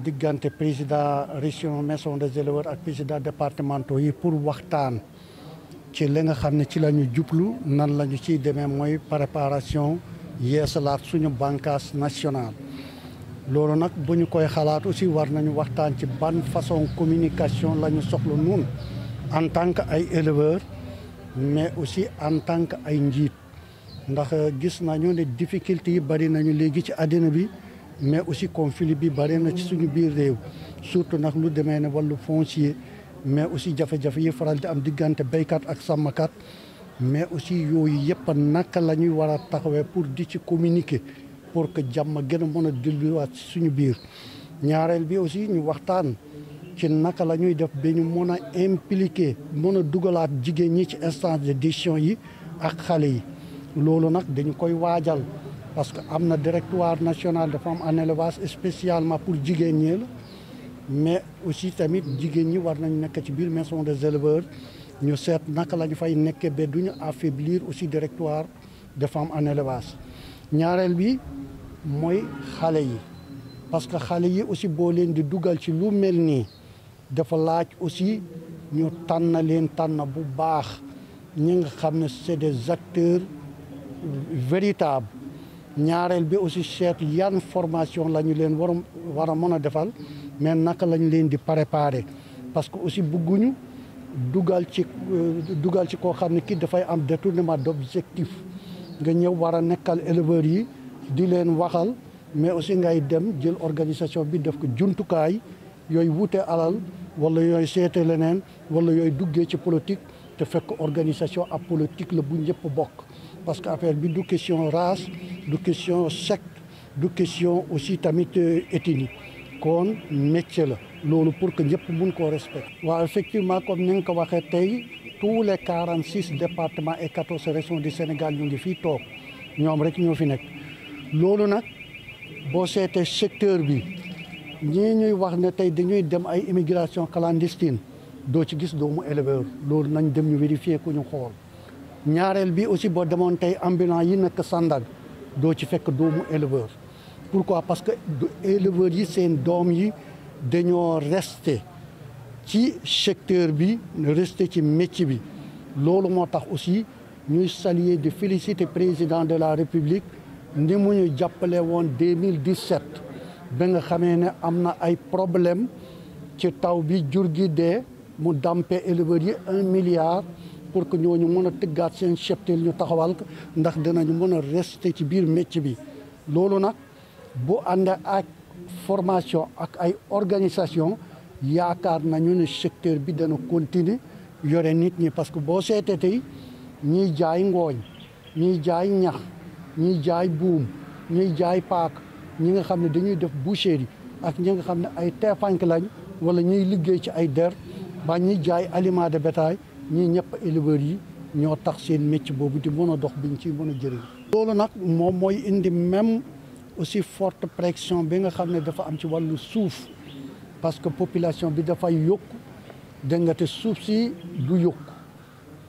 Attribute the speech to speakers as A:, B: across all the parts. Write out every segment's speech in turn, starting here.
A: diggante président région maison des éleveurs ak président départementaux yi pour waxtaan ci li nga xam ne ci la ñu jublu nan la ñu ciy demee mooy préparation yeesalaat suñu bànqaas national loolu nag bu ñu koy xalaat aussi war nañu waxtaan ci ban façon communication la ñu soxla noonu en tant que ay éleveurs mais aussi en tant que ay njiit ndax gis nañu ne difficulté yi bari nañu léegi ci àddina bi mais aussi conflit bi bare na ci suñu biir réew surtout nag lu demee ne wàllu foncier mais aussi jafe-jafe yi faral di am diggante béykat ak sàmmkat mais aussi yooyu yëpp naka la ñuy war a taxawee pour di ci communiquer pour que jàmm gën a mën a delluwaat ci suñu biir ñaareel bi aussi ñu waxtaan ci naka la ñuy def ba ñu mën a impliquer mën a dugalaat jigéen ñi ci instance de décision yi ak xale yi loolu nag dañu koy waajal parce que am na directoire national de femmes en élevage spécialement pour jigéen ñi la mais aussi tamit jigéen ñi war nañ nekk ci biir maison des éleveurs ñu seet naka la ñu fay nekkee ba du ñu affaiblir aussi directoire de femmes en élevage ñaareel bi mooy xale yi parce que xale yi aussi boo leen di dugal ci lu mel nii dafa laaj aussi ñu tànn leen tànn bu baax ñi nga xam ne c'est des acteurs véritables ñaareel bi aussi seet yan formation lañu leen war war a mën a defal mais naka lañ leen di préparer parce que aussi bëgguñu dugal ci euh, dugal ci koo xam ne kii dafay am détournement d'objectif nga ñëw war a nekkal éleveurs yi di leen waxal mais aussi ngay dem jël organisation bi def ko jumtukaay yooyu wute alal wala yooyu seete leneen wala yooyu duggee ci politique te fekk organisation ab politique la bu ñëpp bokk parce que affaire bi du question race du question secte du aussi tamit euh, ethnie kon métier la loolu pour que ñëpp mun koo respecter. waaw effectivement comme ni nga ko waxee tey tous les quarante six départements et quatorze régions du Sénégal ñu ngi fii toog ñoom rek ñoo fi nekk loolu nag boo seetee secteur bi ñii ñuy wax ne tey dañuy dem ay immigration clandestine doo ci gis doomu éleveur loolu nañ dem ñu vérifier ku ñu xool ñaareel bi aussi boo demoon tey ambulant yi nekk Sandaga doo ci fekk doomu éleveur pourquoi parce que éleveurs yi seen doom yi dañoo rester ci secteur bi rester ci métier bi loolu moo tax aussi ñuy saluer di féliciter président de la république ni mu ñu jàppale woon 2017 ba nga xamee ne am na ay problème ci taw bi jur gi dee mu dampe éleveurs yi un milliard pour que ñu mën a tëggaat seen cheptel ñu taxawal ko ndax dinañu mën a rester ci biir métier bi loolu nag bu ànd ak formation ak ay organisation yaakaar nañu ne secteur bi dana continuer yore nit ñi parce que boo seetee tey ñiy jaay ngooñ ñiy jaay ñax ñiy jaay buum ñiy jaay paak ñi nga xam ne dañuy def boucherie ak ñi nga xam ne ay teefank lañ wala ñuy liggéey ci ay der ba ñiy jaay aliment de bétail ñii ñëpp éleveurs yi ñoo tax seen métier boobu di mën a dox biñ ci mën a jëriñ loolu nag moom mooy indi même aussi forte pression bi nga xam ne dafa am ci wàllu suuf parce que population bi dafay yokku dégg nga suuf si du yokku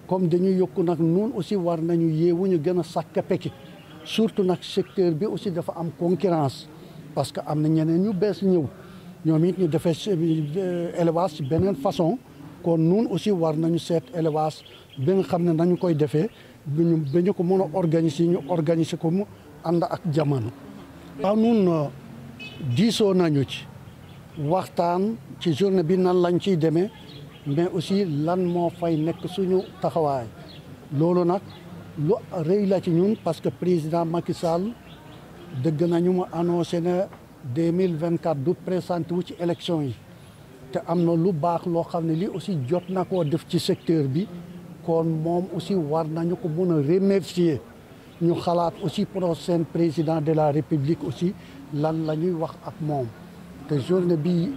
A: comme dañuy yokku nag noonu aussi war nañu yeewu ñu gën a sàkk peki surtout nag secteur bi aussi dafa am concurrence parce que am na ñeneen ñu bees ñëw ñoom it ñu defee euh, élevage ci beneen façon kon nun aussi war nañu seet élevage bi xam ne nañu koy defee ñu ba ko mën a organiser ñu organiser ko mu ànd ak jamono. waaw ah, na euh, diisoo nañu ci waxtaan ci journée bi nan lañ ciy demee mais aussi lan moo fay nekk suñu taxawaay loolu nag lu rëy la ci ñun parce que président Macky Sall dëgg nañu mu annoncé ne deux mille vingt quatre du présenté wu ci élection yi. te am na lu baax loo xam ne lii aussi jot na koo def ci secteur bi kon moom aussi war nañu ko mën a remercier ñu xalaat aussi prochain président de la république aussi lan la ñuy wax ak moom te journée bi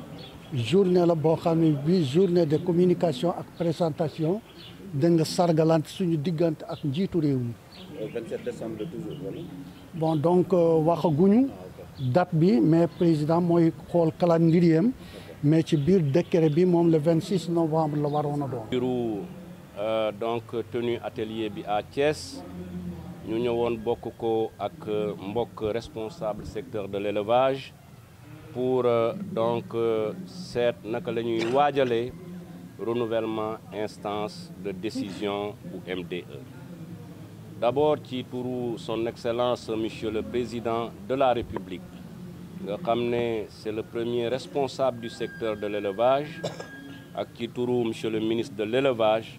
A: journée la boo xam ne bi journée de communication ak présentation da nga sargalante suñu diggante ak njiitu réew mi. bon donc euh, waxaguñu ah, date bi mais président mooy xool calendrier am mais ci biir décret bi moom le 26 novembre la waroon a doon.
B: biiru euh, donc tenue atelier bi à Thiès ñu ñëwoon bokk ko ak euh, mbokk responsable secteur de l'élevage pour euh, donc seet naka la ñuy waajale renouvellement instance de décision ou MDE. D'abord ci pour son excellence monsieur le président de la République. nga xam ne c'est le premier responsable du secteur de l'élevage ak ci turu monsieur le ministre de l'élevage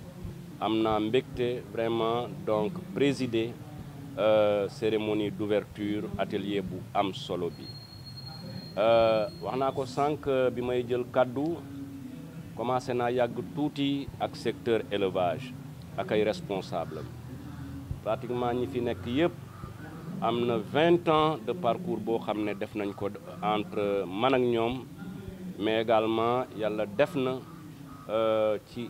B: am naa mbégte vraiment donc présider euh, cérémonie d'ouverture atelier bu am solo bi euh, wax naa ko sànq bi may jël kàddu commencé na yàgg tuuti ak secteur élevage ak ay responsable pratiquement ñi fi nekk yépp am na vingt ans de parcours boo xam ne def nañ ko entre man ak ñoom mais également yàlla def na euh, ci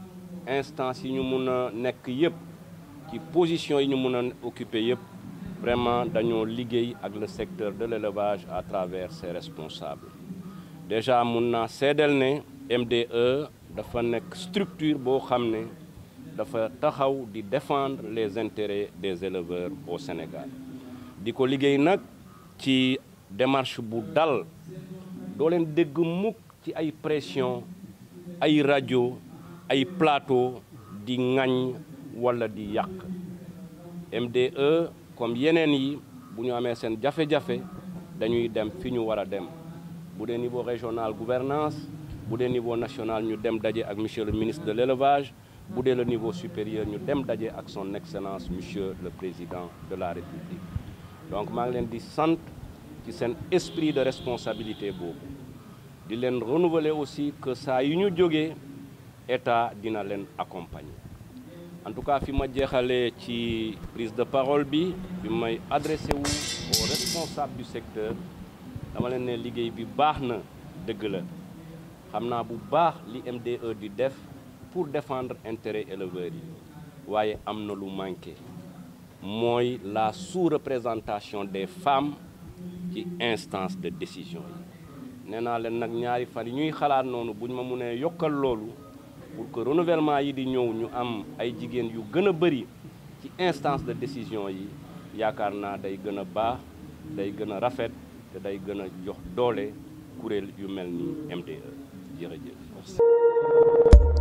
B: instance yi ñu mun a nekk yëpp ci position yi ñu mun a occuper yëpp vraiment dañoo liggéey ak le secteur de l'élevage à travers ses responsables déjà mun naa seedeel ne e dafa nekk structure boo xam ne dafa taxaw di défendre les intérêts des éleveurs au Sénégal di ko liggéey nag ci démarche bu dal dooleen leen dégg mukk ci ay pression ay rajo ay plateau di ŋañ walla di yàq MDE comme yeneen yi bu ñu amee seen jafe-jafe dañuy dem fi ñu war a dem bu dee niveau régional gouvernance bu dee niveau national ñu dem daje ak monsieur le ministre de l'élevage bu dee le niveau supérieur ñu dem daje ak son excellence monsieur le président de la république donc maa ngi leen di sant ci seen esprit de responsabilité boobu di leen renouveler aussi que saa yu ñu jógee état dina leen accompagner en tout cas fi ma jeexalee ci prise de parole bi bi may adressé wu aux responsables du secteur dama leen ne liggéey bi baax na dëgg la xam naa bu baax li MDE di def pour défendre intérêt éleveurs yi waaye am na lu manqué mooy la sous-représentation des femmes ci instance de décision yi nee naa leen nag ñaari fan yi ñuy xalaat noonu buñ ma mënee yokkal loolu pour que renouvellement yi di ñëw ñu am ay jigéen yu gën a bëri ci instance de décision yi yaakaar naa day gën a baax day gën a rafet te day gën a jox doole kuréel yu mel ni MDE
A: jërëjëf merci